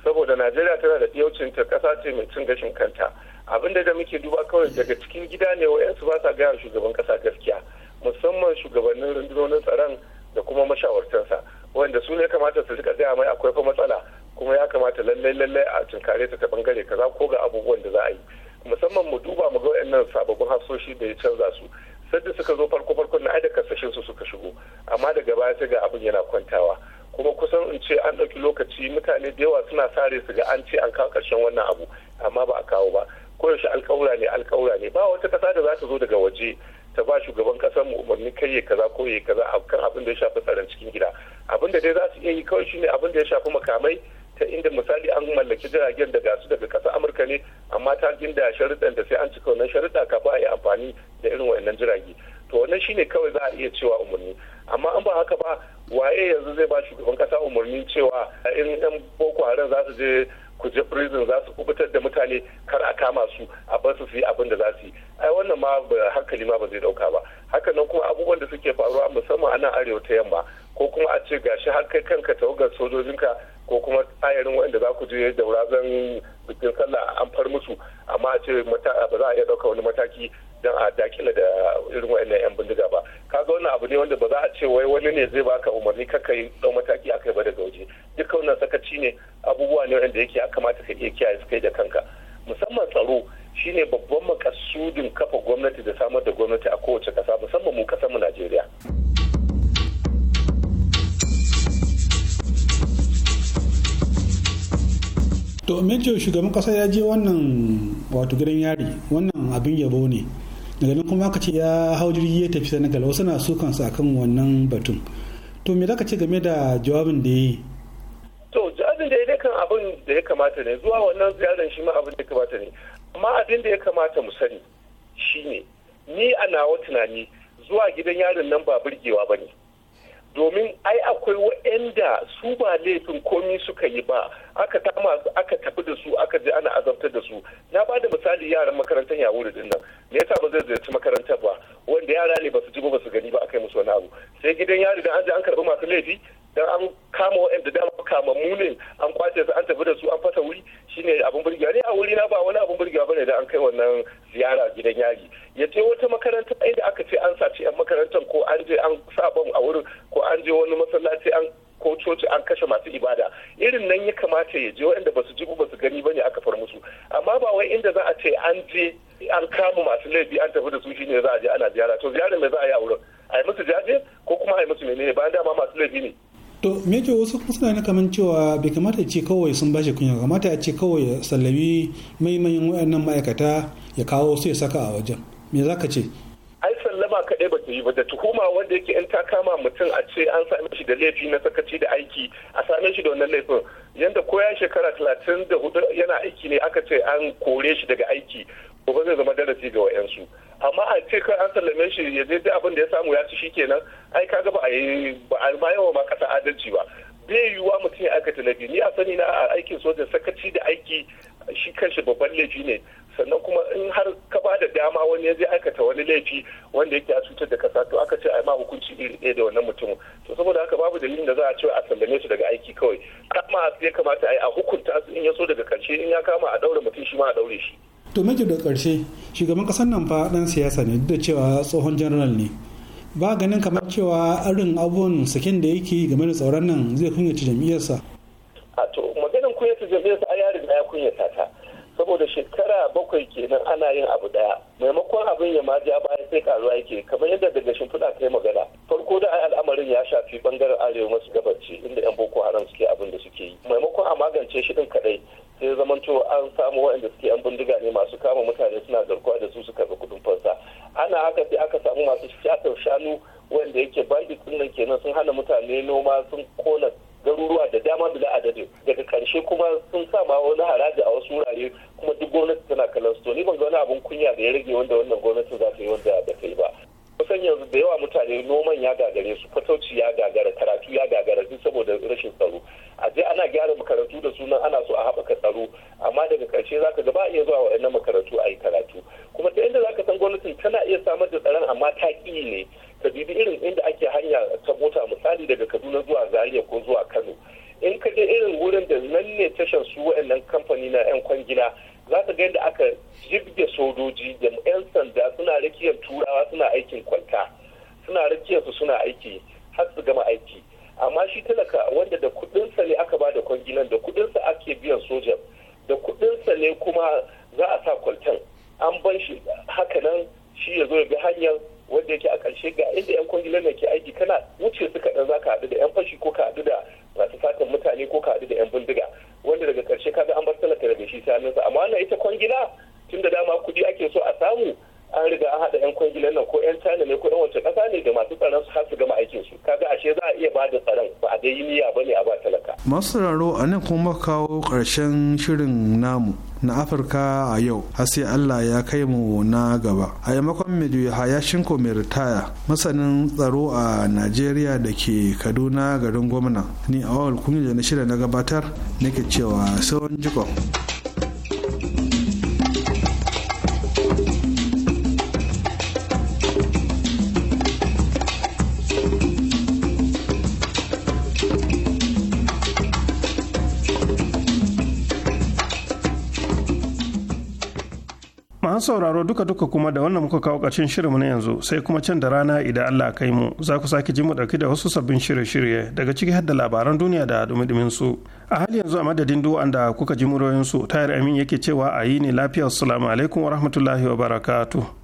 saboda najeriya tana da ɗiyaucin ta kasa ce mai cin gashin kanta abinda da muke duba kawai daga cikin gida ne wa'yansu ba sa gaya shugaban kasa gaskiya musamman shugabannin rundunonin tsaron da kuma mashawartansa wanda su ne kamata su rika gaya mai akwai fa matsala kuma ya kamata lallai lallai a tunkare ta ta bangare kaza ko ga abubuwan da za a yi musamman mu duba mu ga wayannan sababbin hafsoshi da ya canza su sadda suka zo farko farko na aida kasashen su suka shigo amma daga baya sai ga abin yana kwantawa kuma kusan in ce an ɗauki lokaci mutane da yawa suna sare su ga an ce an kawo ƙarshen wannan abu amma ba a kawo ba koyaushe alƙawura ne alƙawura ne ba wata ƙasa da za ta zo daga waje ta ba shugaban kasar mu umarni kai ya kaza ko ya kaza kan abin da ya shafi tsaron cikin gida abin da dai za su iya yi kawai shine abin da ya shafi makamai ta inda misali an mallaki jiragen da gasu daga kasar amurka ne amma ta ginda sharuɗan da sai an cika wannan sharuɗa kafa a yi amfani da irin wayannan jirage to wannan shine kawai za a iya cewa umarni amma an ba haka ba waye yanzu zai ba shugaban kasa umarni cewa in yan boko haram za su je kuje prison za su kubutar da mutane kar a kama su a bar su su yi abin da za su yi ai wannan ma hankali ma ba zai dauka ba haka nan kuma abubuwan da suke faruwa musamman a nan arewa ta yamma ko kuma a ce gashi har kai kanka tawagar sojojinka ko kuma tsayarin wanda za ku je da zan bikin sallah an far musu amma a ce ba za a iya ɗauka wani mataki don a dakila da irin wa'annan 'yan bindiga ba kaga wannan abu ne wanda ba za a ce wai wani ne zai baka umarni kaka yi ɗau mataki a kai ba daga waje duka wannan sakaci ne abubuwa ne wanda yake ya kamata ka iya kiyaye su kai da kanka musamman tsaro shine babban makasudin kafa gwamnati da samar da gwamnati a kowace kasa musamman mu kasar mu Najeriya. to mejo shugaban kasa ya je wannan wato gidan yari wannan abin yabo ne daga nan kuma aka ce ya hau jirgi ya tafi senegal wasu na su kansu kan wannan batun to me zaka ce game da jawabin da ya yi to jawabin da ya kan abin da ya kamata ne zuwa wannan ziyarar shi ma abin da ya kamata ne amma abin da ya kamata mu sani shine ni a nawa tunani zuwa gidan yarin nan ba burgewa bane domin ai akwai waɗanda su ba laifin komi suka yi ba aka tama aka tafi da su aka je ana azabtar da su na ba da misali yaran makarantar yawo da dinnan. me yasa ba zai ziyarci makarantar ba wanda yara ne ba su ji ba su gani ba akai musu wani abu sai gidan yari dan an je an karbi masu laifi dan an kama wa'anda dama kama mune an kwace su an tafi da su an fasa wuri shine abun burgewa ne a wuri na ba wani abun burgewa bane da an kai wannan ziyara gidan yari ya ce wata makaranta da aka ce an saci yan makarantar ko an je an sa bam a wurin ko an je wani masallaci an ko coci an kashe masu ibada irin nan ya kamata ya je waɗanda basu ji ba su gani bane aka far musu amma ba wai inda za a ce an je an kama masu laifi an tafi da su shine za a je ana ziyara to ziyarar me za a yi a wurin a yi musu jaje ko kuma a yi musu menene bayan dama masu laifi ne to me ke wasu kuma suna na kaman cewa bai kamata ce kawai sun bashi kunya kamata ya ce kawai ya sallami maimayin wayannan ma'aikata ya kawo su ya saka a wajen me za ka ce ai sallama kaɗai ba yi ba da tuhuma wanda yake in ta kama mutum a ce an same shi da laifi na sakaci da aiki a same shi da wannan laifin yadda koya shekara talatin da hudu yana aiki ne aka ce an kore shi daga aiki gobe zai zama darasi ga wayansu amma a ce kai an sallame shi ya je abin da ya samu ya ci shi kenan ai kaga ba a yi ba ma yawa ma kasa adalci ba bai yiwuwa mutum ya aikata laifi ni a sani na aikin sojan sakaci da aiki shi kanshi babban laifi ne sannan kuma in har ka ba da dama wani ya zai aikata wani laifi wanda yake a cutar da kasa to aka ce a ma hukunci iri ɗaya da wannan mutumin to saboda haka babu dalilin da za a ce a sallame su daga aiki kawai kama ya kamata a yi a hukunta su in ya so daga karshe in ya kama a daure mutum shi ma a daure shi. to mijin da karshe shugaban kasar nan fa dan siyasa ne duk da cewa tsohon general ne ba ganin kamar cewa irin abubuwan sakin da yake game da tsoron nan zai kunyata jam'iyyarsa. a to maganin kunyata jam'iyyarsa a ya riga ya kunyata ta saboda shekara bakwai kenan ana yin abu daya maimakon abin ya ma ja baya sai karuwa yake kamar yadda daga shimfiɗa kai magana farko da al'amarin ya shafi bangaren arewa masu gabarci inda yan boko haram suke abin da suke yi maimakon a magance shi din kadai sai zaman to an samu waɗanda suke yan bindiga ne masu kama mutane suna garkuwa da su su karɓi kuɗin fansa ana haka sai aka samu masu shatar shanu wanda yake bandit ɗin nan kenan sun hana mutane noma sun kona garuruwa da dama da adadin daga karshe kuma sun sa ma wani haraji a wasu wurare kuma duk gwamnati tana kalan su ni ban ga wani abun kunya da ya rage wanda wannan gwamnatin za ta yi wanda ba ta yi ba kusan yanzu da yawa mutane noman ya gagare su fatauci ya gagara karatu ya gagara duk saboda rashin tsaro a je ana gyara makarantu da sunan ana so a haɓaka tsaro amma daga ƙarshe za ka gaba iya zuwa waɗannan makarantu a yi karatu kuma ta inda za ka san gwamnatin tana iya samar da tsaron amma ta ƙi ne ka irin inda ake hanya ta mota misali daga kaduna zuwa zariya ko zuwa kano in ka je irin wurin da nan ne tashar su waɗannan kamfani na 'yan kwangila za ka ga yadda aka jibge sojoji da 'yan sanda suna rakiyar turawa suna aikin kwalta suna rakiyar su suna aiki har su gama aiki amma shi talaka wanda da sa ne aka ba da kwangilan da kuɗinsa ake biyan sojan da sa ne kuma za a sa kwaltan an ban shi haka nan shi ya zo ya bi hanyar wanda yake a ƙarshe ga inda 'yan kwangilar ke aiki kana wuce su kaɗan za ka haɗu da 'yan fashi ko ka haɗu da masu fatan mutane ko ka haɗu da 'yan bindiga wanda daga ƙarshe ka ga an bar talaka daga shi saninsa amma wannan ita kwangila tun da dama kuɗi ake so a samu an riga an haɗa 'yan kwangilan nan ko 'yan China ne ko 'yan wace ƙasa ne da masu tsaron su har su gama aikin su kaga ashe za a iya ba da tsaron ba a dai niyya ba ne a ba talaka. masu raro a nan kuma kawo ƙarshen shirin namu na afirka a yau har sai allah ya kai mu na gaba a yamakon midiyo hayashinko mai ritaya masanin tsaro a najeriya da ke kaduna garin gwamna ni a wawal da na shirya na gabatar nake cewa sauran jikon masu sauraro duka-duka kuma da wannan muka kawo ƙarshen shirinmu na yanzu sai kuma can da rana idan Allah kai mu za ku sake ji mu ɗauki da wasu sabbin shirye-shirye daga ciki har da labaran duniya da dumi su. A hali yanzu a madadin duwan da kuka ji muroyin su tayar amin yake cewa a yi ne lafiyar salamu alaikum wa rahmatullahi wa barakatuh.